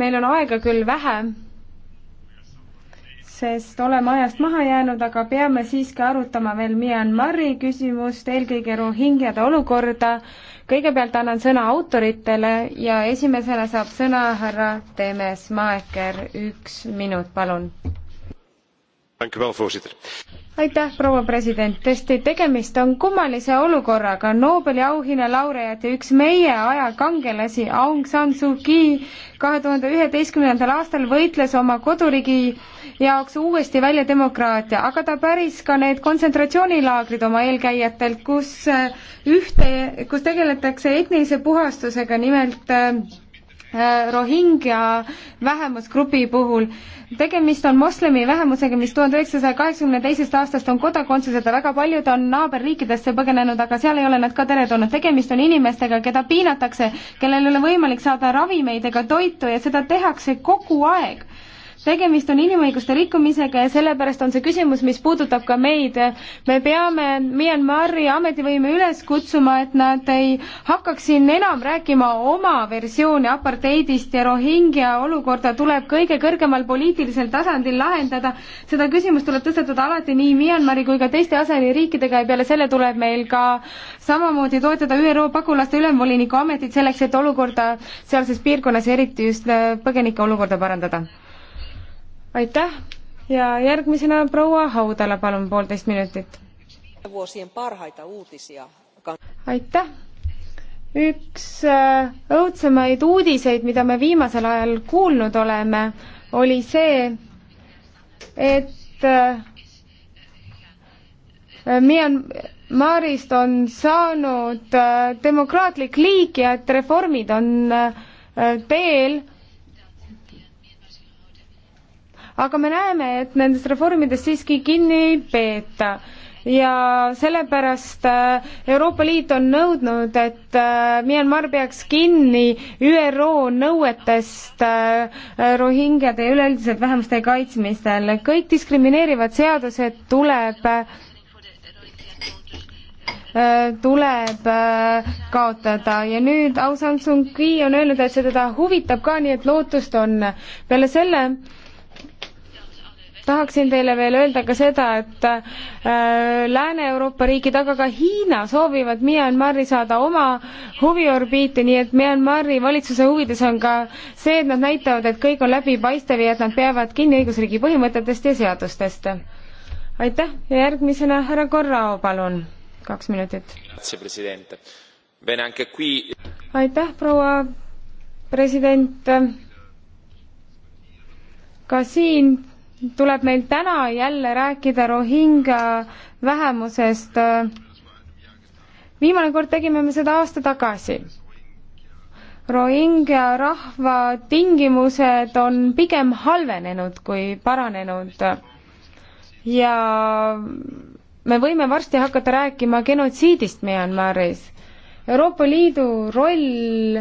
meil on aega küll vähe, sest oleme ajast maha jäänud, aga peame siiski arutama veel Myanmari küsimust, eelkõige Rohingjade olukorda. kõigepealt annan sõna autoritele ja esimesena saab sõna härra Temes Maeker, üks minut, palun aitäh, proua president, tõesti, tegemist on kummalise olukorraga, Nobeli auhinna laureaat ja üks meie aja kangelasi, Aung San Suu Kyi, kahe tuhande üheteistkümnendal aastal võitles oma koduriigi jaoks uuesti välja demokraatia, aga ta päris ka need kontsentratsioonilaagrid oma eelkäijatelt, kus äh, ühte, kus tegeletakse etnilise puhastusega, nimelt äh, Äh, Rohingja vähemusgrupi puhul. tegemist on moslemi vähemusega, mis tuhande üheksasaja kaheksakümne teisest aastast on kodakondsuseta, väga paljud on naaberriikidesse põgenenud, aga seal ei ole nad ka teretulnud. tegemist on inimestega, keda piinatakse, kellel ei ole võimalik saada ravimeid ega toitu ja seda tehakse kogu aeg tegemist on inimõiguste rikkumisega ja sellepärast on see küsimus, mis puudutab ka meid. me peame Myanmari ametivõime üles kutsuma, et nad ei hakkaks siin enam rääkima oma versiooni aparteidist ja Rohingja olukorda tuleb kõige kõrgemal poliitilisel tasandil lahendada. seda küsimust tuleb tõstatada alati nii Myanmari kui ka teiste aseririikidega ja peale selle tuleb meil ka samamoodi toetada ÜRO pagulaste ülemvoliniku ametit selleks, et olukorda sealses piirkonnas ja eriti just põgenike olukorda parandada aitäh ja järgmisena proua Haudala, palun poolteist minutit. aitäh. üks äh, õudsemaid uudiseid, mida me viimasel ajal kuulnud oleme, oli see, et äh, Myanmarist on saanud äh, demokraatlik liik ja et reformid on teel aga me näeme, et nendest reformidest siiski kinni ei peeta ja sellepärast äh, Euroopa Liit on nõudnud, et äh, Myanmar peaks kinni ÜRO nõuetest äh, rohingjade ja üleüldiselt vähemuste kaitsmisel. kõik diskrimineerivad seadused tuleb tuleb kaotada ja nüüd Aung San Suu Kyi on öelnud, et see teda huvitab ka, nii et lootust on. peale selle tahaksin teile veel öelda ka seda, et äh, Lääne-Euroopa riigid, aga ka Hiina soovivad Myanmari saada oma huviorbiiti, nii et Myanmari valitsuse huvides on ka see, et nad näitavad, et kõik on läbipaistev ja et nad peavad kinni õigusriigi põhimõtetest ja seadustest. aitäh ja järgmisena härra Korrao, palun, kaks minutit. aitäh, proua president. ka siin tuleb meil täna jälle rääkida Rohingja vähemusest. viimane kord tegime me seda aasta tagasi. Rohingja rahva tingimused on pigem halvenenud kui paranenud ja me võime varsti hakata rääkima genotsiidist Myanmaris. Euroopa Liidu roll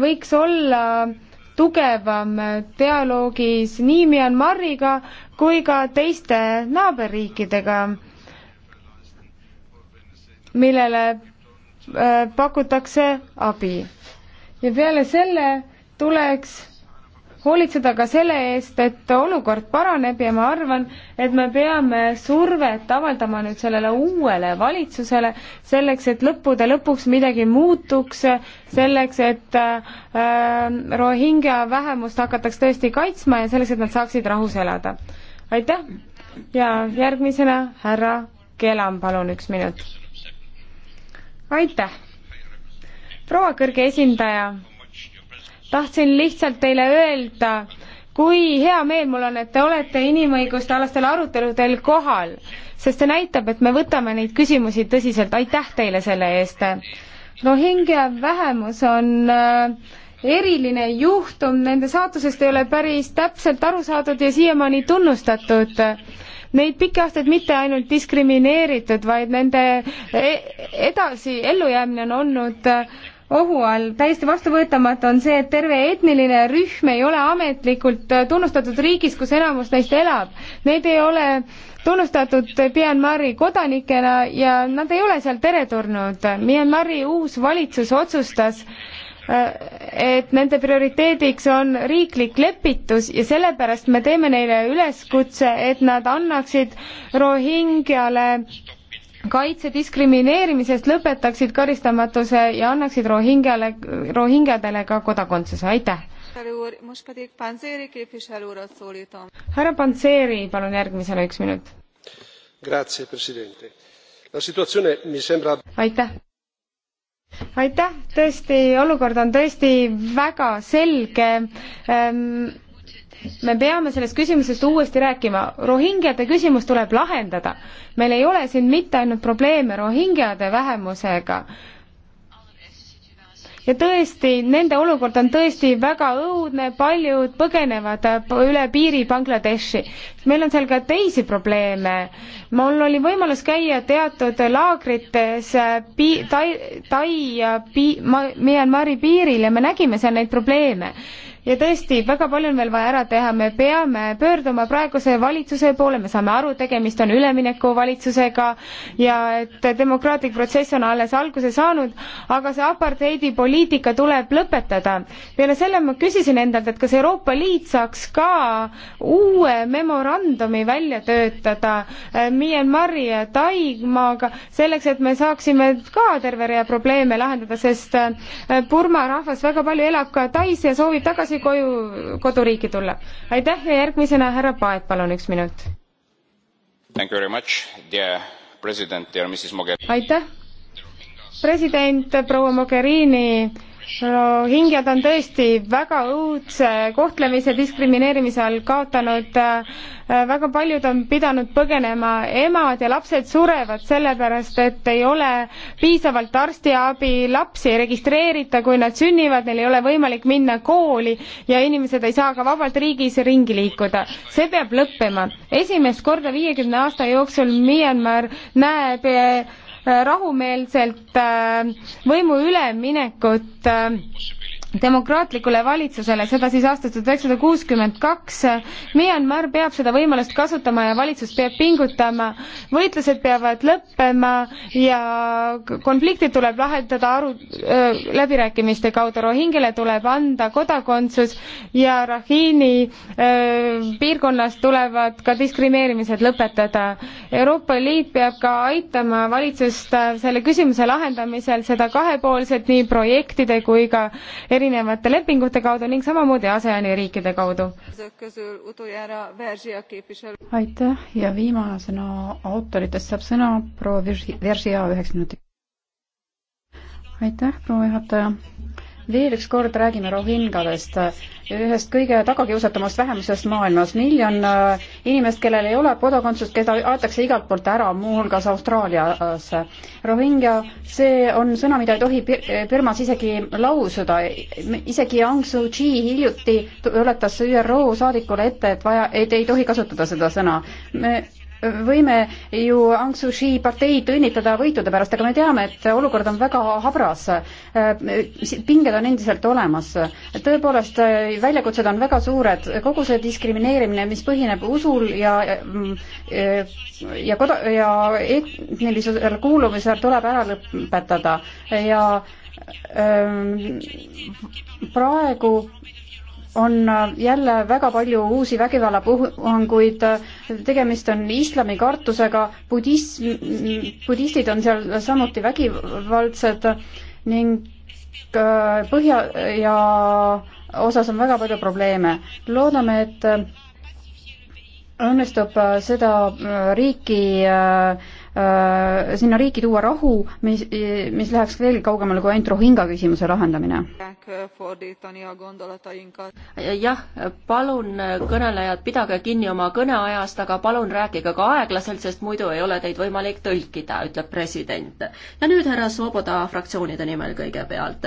võiks olla tugevam dialoogis nii Myanmariga kui ka teiste naaberriikidega, millele äh, pakutakse abi. ja peale selle tuleks hoolitseda ka selle eest, et olukord paraneb ja ma arvan, et me peame survet avaldama nüüd sellele uuele valitsusele selleks, et lõppude lõpuks midagi muutuks, selleks, et äh, Rohingja vähemust hakataks tõesti kaitsma ja selleks, et nad saaksid rahus elada. aitäh ja järgmisena härra Kelam, palun üks minut. aitäh. proua kõrge esindaja tahtsin lihtsalt teile öelda, kui hea meel mul on, et te olete inimõiguste alastel aruteludel kohal, sest see näitab, et me võtame neid küsimusi tõsiselt, aitäh teile selle eest. Rohingja vähemus on äh, eriline juhtum, nende saatusest ei ole päris täpselt aru saadud ja siiamaani tunnustatud. Neid pikki aastaid mitte ainult diskrimineeritud, vaid nende e, edasi ellujäämine on olnud äh, ohu all. täiesti vastuvõetamatu on see, et terve etniline rühm ei ole ametlikult äh, tunnustatud riigis, kus enamus neist elab. Need ei ole tunnustatud Myanmari kodanikena ja nad ei ole seal teretulnud. Myanmari uus valitsus otsustas, äh, et nende prioriteediks on riiklik lepitus ja sellepärast me teeme neile üleskutse, et nad annaksid Rohingyale kaitse diskrimineerimisest lõpetaksid karistamatuse ja annaksid rohingjale, rohingjadele ka kodakondsuse, aitäh! härra Panseri, palun järgmisena üks minut. Sembra... aitäh! aitäh, tõesti, olukord on tõesti väga selge ähm, me peame sellest küsimusest uuesti rääkima. Rohingjade küsimus tuleb lahendada. meil ei ole siin mitte ainult probleeme rohingjade vähemusega. ja tõesti, nende olukord on tõesti väga õudne, paljud põgenevad üle piiri Bangladeshi. meil on seal ka teisi probleeme. mul oli võimalus käia teatud laagrites pi-, Tai, Tai ja pi-, Myanmari piiril ja me nägime seal neid probleeme ja tõesti, väga palju on veel vaja ära teha, me peame pöörduma praeguse valitsuse poole, me saame aru, tegemist on üleminekuvalitsusega ja et demokraatlik protsess on alles alguse saanud, aga see apartheidi poliitika tuleb lõpetada. peale selle ma küsisin endalt, et kas Euroopa Liit saaks ka uue memorandumi välja töötada eh, Myanmari ja Taimaaga, selleks et me saaksime ka terve rea probleeme lahendada, sest eh, Burma rahvas väga palju elab ka Tais ja soovib tagasi tagasi koju, koduriiki tulla. aitäh ja järgmisena härra Paet, palun üks minut. aitäh, president proua Mogherini rohingjad on tõesti väga õudse kohtlemise, diskrimineerimise all kaotanud. Äh, äh, väga paljud on pidanud põgenema, emad ja lapsed surevad sellepärast, et ei ole piisavalt arstiabi, lapsi ei registreerita, kui nad sünnivad, neil ei ole võimalik minna kooli ja inimesed ei saa ka vabalt riigis ringi liikuda. see peab lõppema. esimest korda viiekümne aasta jooksul Myanmar näeb äh, rahumeelselt äh, võimu üleminekut äh, demokraatlikule valitsusele, seda siis aastast tuhat üheksasada kuuskümmend kaks. Myanmar peab seda võimalust kasutama ja valitsus peab pingutama, võitlused peavad lõppema ja konfliktid tuleb lahendada aru äh,, läbirääkimiste kaudu. Rohingile tuleb anda kodakondsus ja Rahini äh, piirkonnast tulevad ka diskrimineerimised lõpetada. Euroopa Liit peab ka aitama valitsust äh, selle küsimuse lahendamisel, seda kahepoolselt nii projektide kui ka eri erinevate lepingute kaudu ning samamoodi ASEAN-i riikide kaudu. aitäh ja viimasena autoritest saab sõna proua Virgia üheks minutiks. aitäh, proua juhataja veel üks kord räägime rohingadest, ühest kõige tagakiusatumast vähemusest maailmas. miljon äh, inimest, kellel ei ole kodakondsust, keda aetakse igalt poolt ära, muuhulgas Austraalias. rohingja, see on sõna, mida ei tohi Birmas isegi lausuda. isegi Aung Suu Kyi hiljuti tuletas ÜRO saadikule ette, et vaja, et ei tohi kasutada seda sõna. me võime ju Aung San Suu Kyi parteid õnnitleda võitude pärast, aga me teame, et olukord on väga habras. Äh, pinged on endiselt olemas. tõepoolest, äh, väljakutsed on väga suured. kogu see diskrimineerimine, mis põhineb usul ja äh, ja koda- ja etnilisele kuulumisel tuleb ära lõpetada ja ähm, praegu on äh, jälle väga palju uusi vägivallapuhanguid, tegemist on islami kartusega, budism, budistid on seal samuti vägivaldsed ning äh, põhja ja osas on väga palju probleeme. loodame, et õnnestub äh, seda riiki äh, Äh, sinna riiki tuua rahu, mis, mis läheks veelgi kaugemale kui ainult Rohinga küsimuse lahendamine. jah, palun äh, kõnelejad, pidage kinni oma kõneajast, aga palun rääkige ka aeglaselt, sest muidu ei ole teid võimalik tõlkida, ütleb president. ja nüüd härra Svoboda fraktsioonide nimel kõigepealt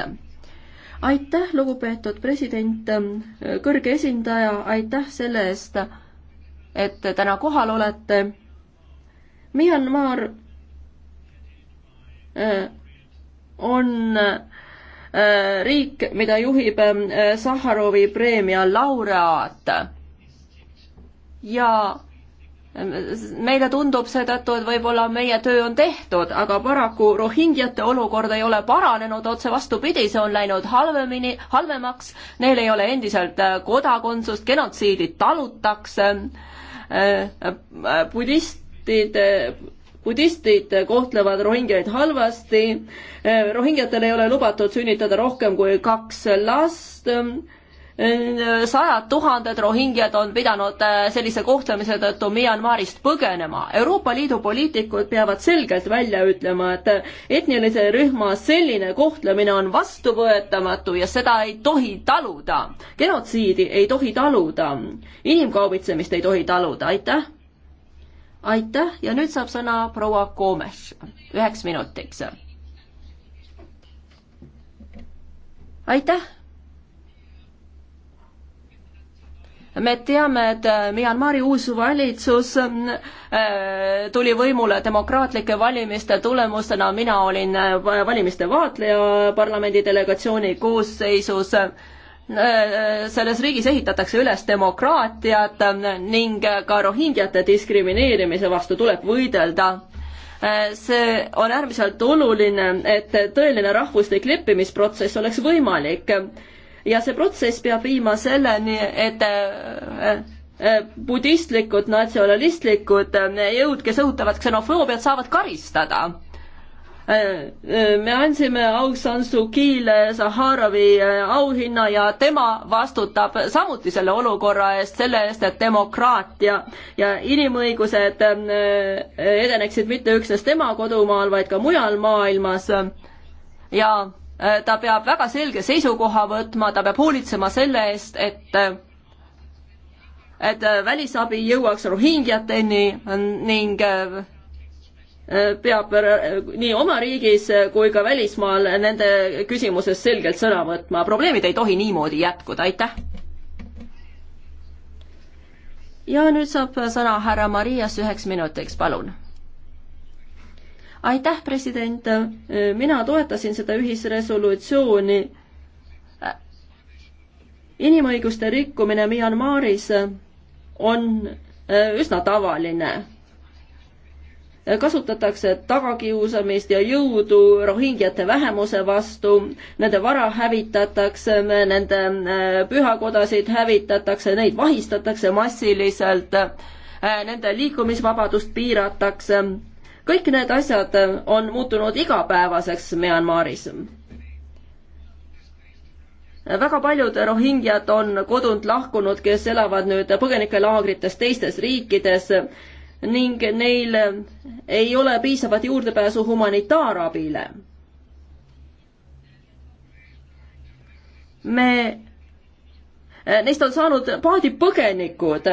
aitäh, lugupeetud president, äh, kõrge esindaja, aitäh selle eest, et te täna kohal olete Myanmar äh, on äh, riik, mida juhib äh, Saharovi preemia laureaat. ja meile tundub seetõttu, et võib-olla meie töö on tehtud, aga paraku rohingjate olukord ei ole paranenud, otse vastupidi, see on läinud halvemini, halvemaks, neil ei ole endiselt kodakondsust, genotsiidi talutakse budist, budistid budistid kohtlevad rohingjaid halvasti, rohingjatel ei ole lubatud sünnitada rohkem kui kaks last, sajad tuhanded rohingjad on pidanud äh, sellise kohtlemise tõttu Myanmarist põgenema. Euroopa Liidu poliitikud peavad selgelt välja ütlema, et etnilise rühma selline kohtlemine on vastuvõetamatu ja seda ei tohi taluda. genotsiidi ei tohi taluda, inimkaubitsemist ei tohi taluda, aitäh! aitäh ja nüüd saab sõna proua Koomes üheks minutiks. aitäh. me teame, et Myanmari uus valitsus äh, tuli võimule demokraatlike valimiste tulemustena, mina olin äh, valimiste vaatleja parlamendi delegatsiooni koosseisus selles riigis ehitatakse üles demokraatiat ning ka rohingjate diskrimineerimise vastu tuleb võidelda. see on äärmiselt oluline, et tõeline rahvuslik leppimisprotsess oleks võimalik ja see protsess peab viima selleni, et eh, eh, budistlikud, natsionalistlikud eh, jõud, kes õhutavad ksenofoobiat, saavad karistada Äh, äh, me andsime Aung San Suu Kyi'le Saharovi äh, auhinna ja tema vastutab samuti selle olukorra eest, selle eest, et demokraatia ja inimõigused edeneksid mitte üksnes tema kodumaal, vaid ka mujal maailmas. ja ta peab väga selge seisukoha võtma, ta peab hoolitsema selle eest, et et välisabi jõuaks rohingjateni ning Äh, peab äh, nii oma riigis äh, kui ka välismaal nende küsimuses selgelt sõna võtma, probleemid ei tohi niimoodi jätkuda, aitäh! ja nüüd saab sõna härra Marias üheks minutiks, palun aitäh, president, mina toetasin seda ühisresolutsiooni. inimõiguste rikkumine Myanmaris on üsna tavaline kasutatakse tagakiusamist ja jõudu rohingjate vähemuse vastu, nende vara hävitatakse, nende äh, pühakodasid hävitatakse, neid vahistatakse massiliselt, äh, nende liikumisvabadust piiratakse. kõik need asjad on muutunud igapäevaseks Myanmaris väga paljud rohingjad on kodunt lahkunud, kes elavad nüüd põgenikelaagrites teistes riikides ning neil ei ole piisavat juurdepääsu humanitaarabile. me, eh, neist on saanud paadipõgenikud,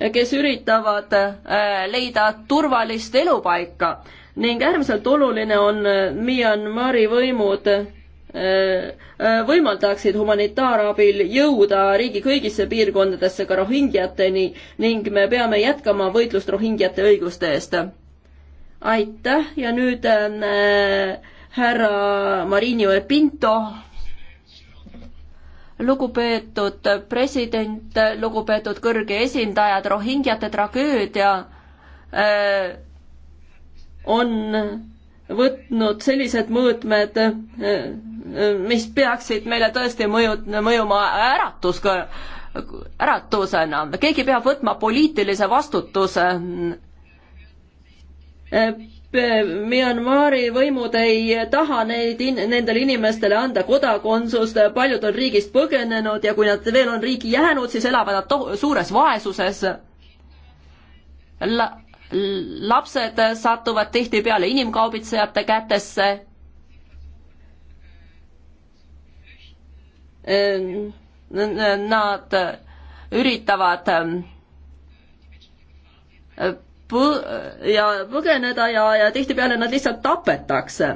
eh, kes üritavad eh, leida turvalist elupaika ning äärmiselt oluline on Myanmari võimud Äh, äh, võimaldaksid humanitaarabil jõuda riigi kõigisse piirkondadesse ka rohingjateni ning me peame jätkama võitlust rohingjate õiguste eest. aitäh ja nüüd äh, härra Marinho Pinto. lugupeetud president, lugupeetud kõrge esindajad, rohingjate tragöödia äh, on võtnud sellised mõõtmed äh, mis peaksid meile tõesti mõju, mõjuma äratus, äratusena. keegi peab võtma poliitilise vastutuse. Myanmari võimud ei taha neid in-, nendele inimestele anda kodakondsust, paljud on riigist põgenenud ja kui nad veel on riigi jäänud, siis elavad nad to-, suures vaesuses La lapsed satuvad tihtipeale inimkaubitsejate kätesse. Ehm, nad üritavad ehm, põ- ja põgeneda ja, ja tihtipeale nad lihtsalt tapetakse.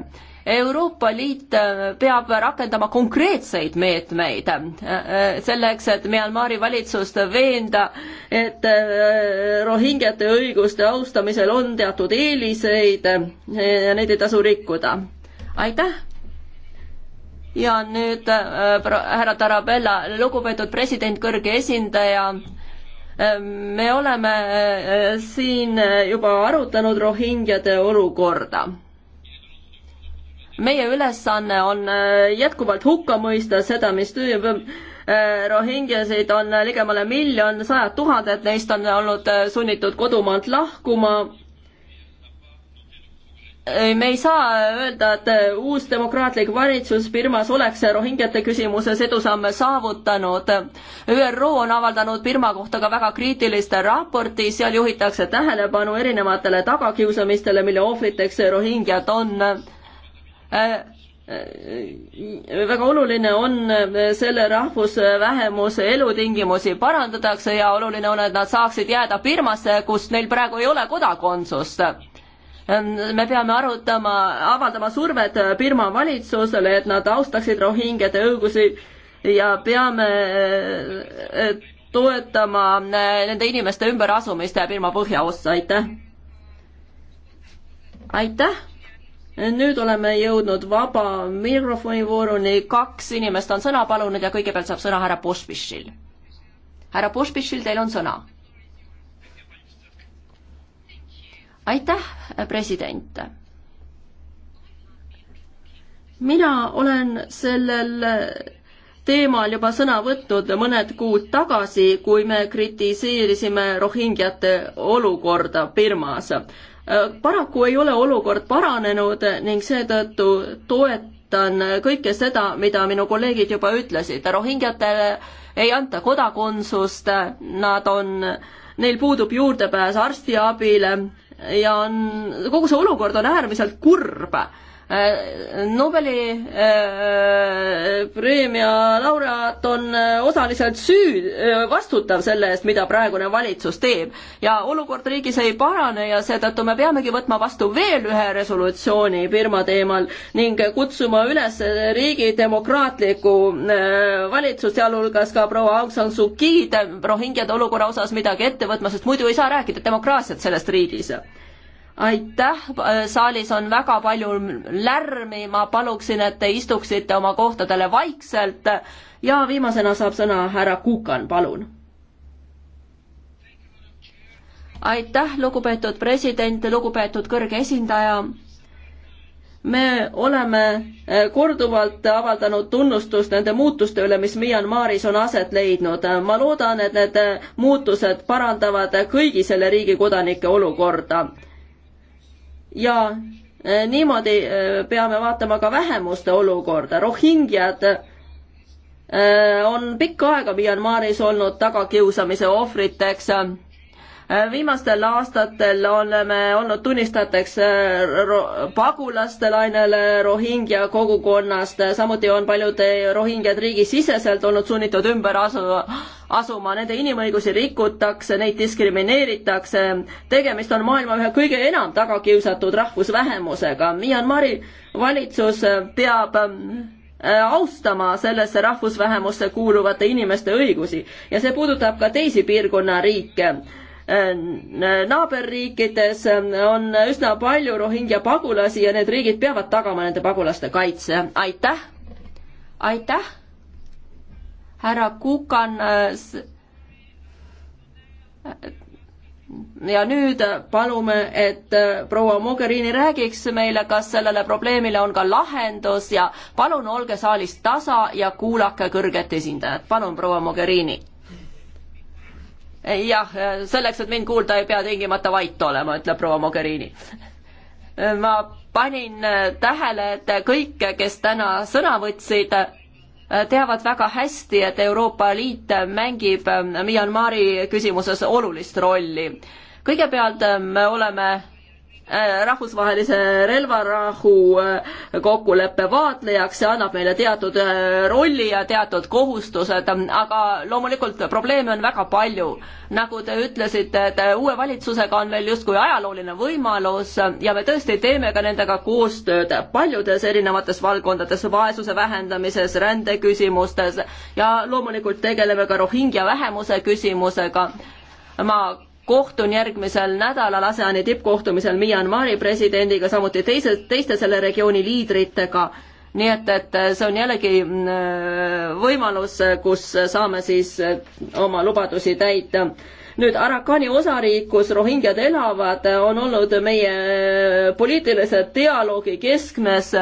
Euroopa Liit ehm, peab rakendama konkreetseid meetmeid selleks, et Myanmari valitsust veenda, et rohingjate õiguste austamisel on teatud eeliseid ja neid ei tasu rikkuda. aitäh! ja nüüd äh, härra Tarabella, lugupeetud president, kõrge esindaja, äh, me oleme äh, siin juba arutanud rohingjade olukorda meie ülesanne on jätkuvalt hukka mõista seda, mis tüüb rohingjasid on ligemale miljon, sajad tuhanded neist on olnud sunnitud kodumaalt lahkuma me ei saa öelda, et äh, uus demokraatlik valitsus Birmas oleks rohingjate küsimuses edusamme saavutanud. ÜRO on avaldanud Birma kohta ka väga kriitilist raporti, seal juhitakse tähelepanu erinevatele tagakiusamistele, mille ohvriteks rohingjad on. Äh, äh, väga oluline on selle rahvusvähemuse elutingimusi parandatakse ja oluline on, et nad saaksid jääda Birmasse, kus neil praegu ei ole kodakondsust me peame arutama, avaldama survet Birma valitsusele, et nad austaksid rohingjade õigusi ja peame e, toetama e, nende inimeste ümberasumist Birma põhjaossa, aitäh. aitäh. nüüd oleme jõudnud vaba mikrofoni vooruni, kaks inimest on sõna palunud ja kõigepealt saab sõna härra Pospišil. härra Pospišil, teil on sõna aitäh, president. mina olen sellel teemal juba sõna võtnud mõned kuud tagasi, kui me kritiseerisime rohingjate olukorda Birmas. paraku ei ole olukord paranenud ning seetõttu toetan kõike seda, mida minu kolleegid juba ütlesid. rohingjatele ei anta kodakondsust, nad on, neil puudub juurdepääs arstiabile, ja on, kogu see olukord on äärmiselt kurb Äh, Nobeli äh, preemia laureaat on äh, osaliselt süü, vastutav selle eest, mida praegune valitsus teeb. ja olukord riigis ei parane ja seetõttu me peamegi võtma vastu veel ühe resolutsiooni Birma teemal ning kutsuma üles riigi demokraatlikku valitsust, sealhulgas ka proua Aung San Suu Kyi'd rohingjade olukorra osas midagi ette võtma, sest muidu ei saa rääkida demokraatiat sellest riigis aitäh, saalis on väga palju lärmi, ma paluksin, et te istuksite oma kohtadele vaikselt ja viimasena saab sõna härra Kukan, palun. aitäh, lugupeetud president, lugupeetud kõrge esindaja me oleme eh, korduvalt avaldanud tunnustust nende muutuste üle, mis Myanmaris on aset leidnud. ma loodan, et need eh, muutused parandavad kõigi selle riigi kodanike olukorda ja äh, niimoodi äh, peame vaatama ka vähemuste olukorda. Rohingjad äh, on pikka aega Myanmaris olnud tagakiusamise ohvriteks viimastel aastatel oleme olnud tunnistajateks äh, pagulaste lainele Rohingja kogukonnast, samuti on paljud Rohingjad riigisiseselt olnud sunnitud ümber asu-, asuma, nende inimõigusi rikutakse, neid diskrimineeritakse, tegemist on maailma ühe kõige enam tagakiusatud rahvusvähemusega, Myanmari valitsus peab äh, austama sellesse rahvusvähemusse kuuluvate inimeste õigusi ja see puudutab ka teisi piirkonna riike naaberriikides on üsna palju rohingja pagulasi ja need riigid peavad tagama nende pagulaste kaitse. aitäh! aitäh! härra Kukan. Äh, ja nüüd palume, et äh, proua Mogherini räägiks meile, kas sellele probleemile on ka lahendus ja palun olge saalis tasa ja kuulake kõrget esindajat. palun, proua Mogherini jah, selleks, et mind kuulda, ei pea tingimata vait olema, ütleb proua Mogherini. ma panin tähele, et kõik, kes täna sõna võtsid, teavad väga hästi, et Euroopa Liit mängib Myanmari küsimuses olulist rolli. kõigepealt me oleme Äh, rahvusvahelise relvarahu äh, kokkuleppe vaatlejaks, see annab meile teatud äh, rolli ja teatud kohustused, aga loomulikult probleeme on väga palju. nagu te ütlesite, et uue valitsusega on meil justkui ajalooline võimalus ja me tõesti teeme ka nendega koostööd paljudes erinevates valdkondades, vaesuse vähendamises, rändeküsimustes ja loomulikult tegeleme ka Rohingja vähemuse küsimusega ma kohtun järgmisel nädalal ASEAN-i tippkohtumisel Myanmari presidendiga, samuti teise, teiste selle regiooni liidritega. nii et, et see on jällegi mm, äh, võimalus, kus saame siis äh, oma lubadusi täita nüüd Arakani osariik, kus rohingjad elavad, on olnud meie äh, poliitilise dialoogi keskmes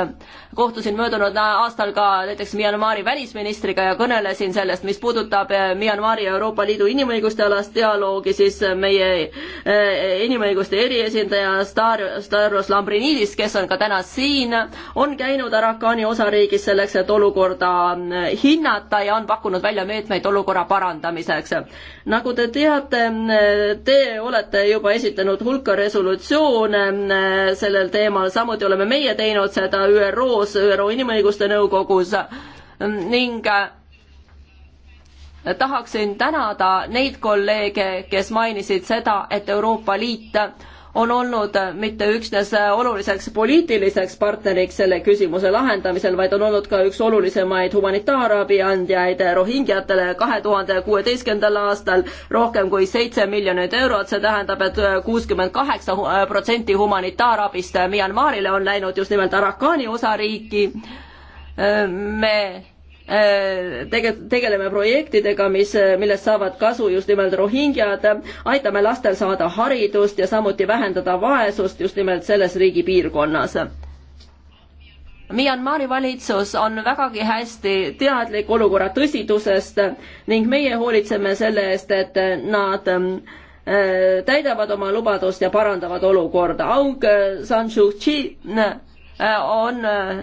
kohtusin möödunud aastal ka näiteks Myanmari välisministriga ja kõnelesin sellest, mis puudutab eh, Myanmari ja Euroopa Liidu inimõiguste alast dialoogi, siis meie eh, inimõiguste eriesindaja Star-, Staros Lambrinidis, kes on ka täna siin, on käinud Arakani osariigis selleks, et olukorda eh, hinnata ja on pakkunud välja meetmeid olukorra parandamiseks. nagu te teate, te olete juba esitanud hulka resolutsioone sellel teemal, samuti oleme meie teinud seda ÜRO koos ÜRO Inimõiguste Nõukogus ning äh, tahaksin tänada neid kolleege, kes mainisid seda, et Euroopa Liit on olnud mitte üksnes oluliseks poliitiliseks partneriks selle küsimuse lahendamisel, vaid on olnud ka üks olulisemaid humanitaarabi andjaid rohingjatele kahe tuhande kuueteistkümnendal aastal rohkem kui seitse miljonit eurot, see tähendab et, et kuuskümmend kaheksa protsenti humanitaarabist Myanmarile on läinud just nimelt Arakani osariiki. me Äh, tege-, tegeleme projektidega, mis, äh, millest saavad kasu just nimelt rohingjad, aitame lastel saada haridust ja samuti vähendada vaesust just nimelt selles riigipiirkonnas. Myanmari valitsus on vägagi hästi teadlik olukorra tõsidusest ning meie hoolitseme selle eest, et nad ähm, äh, täidavad oma lubadust ja parandavad olukorda. Aung San Suu Kyi on, äh,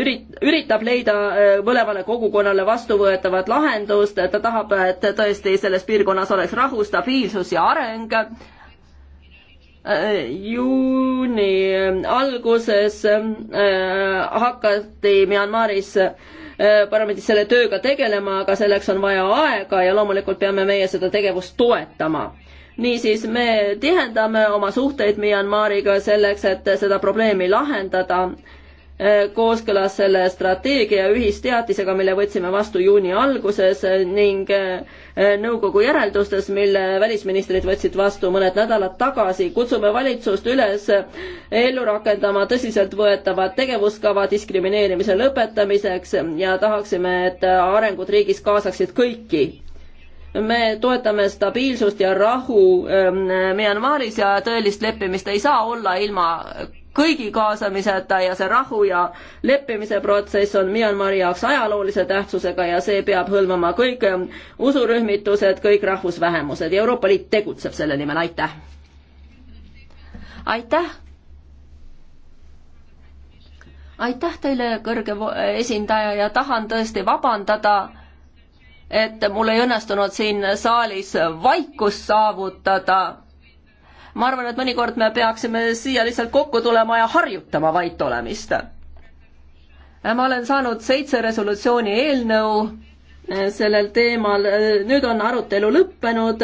ürit-, üritab leida äh, mõlemale kogukonnale vastuvõetavat lahendust, ta tahab, et tõesti selles piirkonnas oleks rahu, stabiilsus ja areng. Äh, juuni alguses hakati Myanmaris parlamendis selle tööga tegelema, aga selleks on vaja aega ja loomulikult peame meie seda tegevust toetama niisiis me tihendame oma suhteid Myanmariga selleks, et seda probleemi lahendada eh, kooskõlas selle strateegia ühisteatisega, mille võtsime vastu juuni alguses ning eh, nõukogu järeldustes, mille välisministrid võtsid vastu mõned nädalad tagasi. kutsume valitsust üles eh, ellu rakendama tõsiseltvõetavat tegevuskava diskrimineerimise lõpetamiseks ja tahaksime, et arengud riigis kaasaksid kõiki me toetame stabiilsust ja rahu ähm, Myanmaris ja tõelist leppimist ei saa olla ilma kõigi kaasamiseta ja see rahu ja leppimise protsess on Myanmari jaoks ajaloolise tähtsusega ja see peab hõlmama kõik ähm, usurühmitused, kõik rahvusvähemused ja Euroopa Liit tegutseb selle nimel, aitäh! aitäh! aitäh teile, kõrge esindaja ja tahan tõesti vabandada et mul ei õnnestunud siin saalis vaikust saavutada. ma arvan, et mõnikord me peaksime siia lihtsalt kokku tulema ja harjutama vait olemist. ma olen saanud seitse resolutsiooni eelnõu sellel teemal, nüüd on arutelu lõppenud.